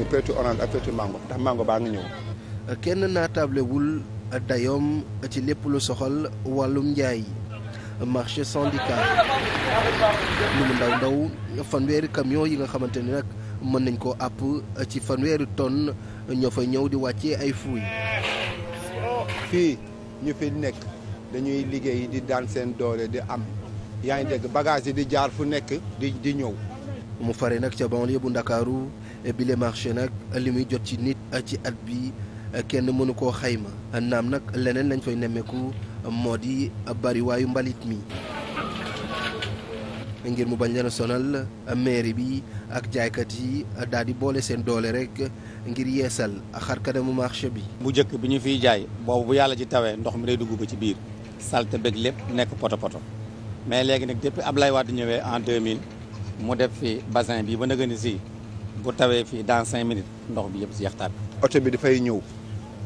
muy peetu orange ak peetu mango ndax mango baa ngi ñëw. kenn naatablewul dayoom ci lépp lu soxal wàllum njaay marché syndicat lu mu ndaw ndaw fanweeri camion yi nga xamante ni nag mën nañ koo àpp ci fanweeri ton ñoo fa ñëw di wàccee ay fuuy fii ñu fi nekk dañuy liggéey di daan seen doole di am yaa ngi dégg bagage yi di jaar fu nekk di di ñëw mu fare nag ca banlieue bu Ndakaaru bi le nag li muy jot ci nit ci at bi kenn mënu koo xayma naam nag leneen lañ fay nemmeeku moo di bariwaayu mbalit mi ngir mu bañ leen sonal mairie bi ak jaaykat yi daal di boole seen doole rek ngir yeesal xar kanamu marché bi. bu njëkk bi ñu fiy jaay boobu bu yàlla ci tawee ndox mi day dugg ba ci biir salte beeg lépp nekk poto poto mais léegi nag depuis Ablaye Wade ñëwee en 2000 mu def fi basin bi ba nëgëni si. bu tawee fii dans cinq minutes ndox bi yëpp si yaxtaan oto bi dafay ñëw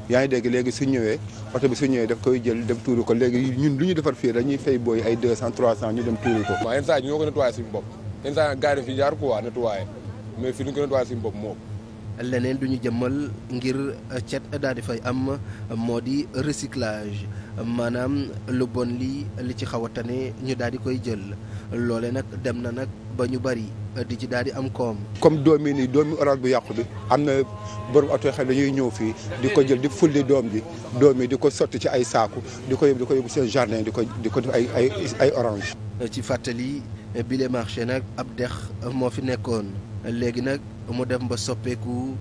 yaa ngi dégg léegi su ñëwee oto bi su ñëwee daf koy jël dem tuuri ko léegi ñun lu ñu defar fii dañuy fay booy ay deux cent trois cent ñu dem tuuri ko waaw yenn saa ñoo ko nettoyé suñu bopp yenn saa yi gaari fi jaar quoi nettoyé mais fii ñu ko nettoyé suñu bopp moo leneen du ñu jëmmal ngir euh, cet daal di fay am moo di recyclage maanaam lu bon li li ci xaw a tane ñu daal di koy jël loole nag dem na nag ba ñu bari euh, di ci daal di am kom comme doom yi nii doomi orange bu yàqu bi am na borom oto xam dañuy ñëw fii di ko jël di fulli doom bi doom yi di ko sotti ci ay saaku di ko yóbbu di ko yóbbu seen jardin di ko di ko def ay ay ay orange. ci fàttali bile marché nag ab dex moo fi nekkoon. léegi nag mu dem ba soppeeku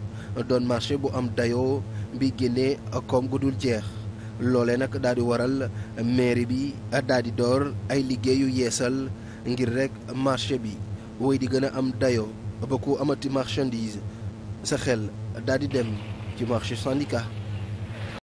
doon marché bu am dayoo bi génnee koom gu dul jeex loole nag daal di waral mairie bi daal di door ay liggéeyu yeesal ngir rek marché bi woy di gën a am dayoo ba ku amati marchandise sa xel daal di dem ci marché syndicat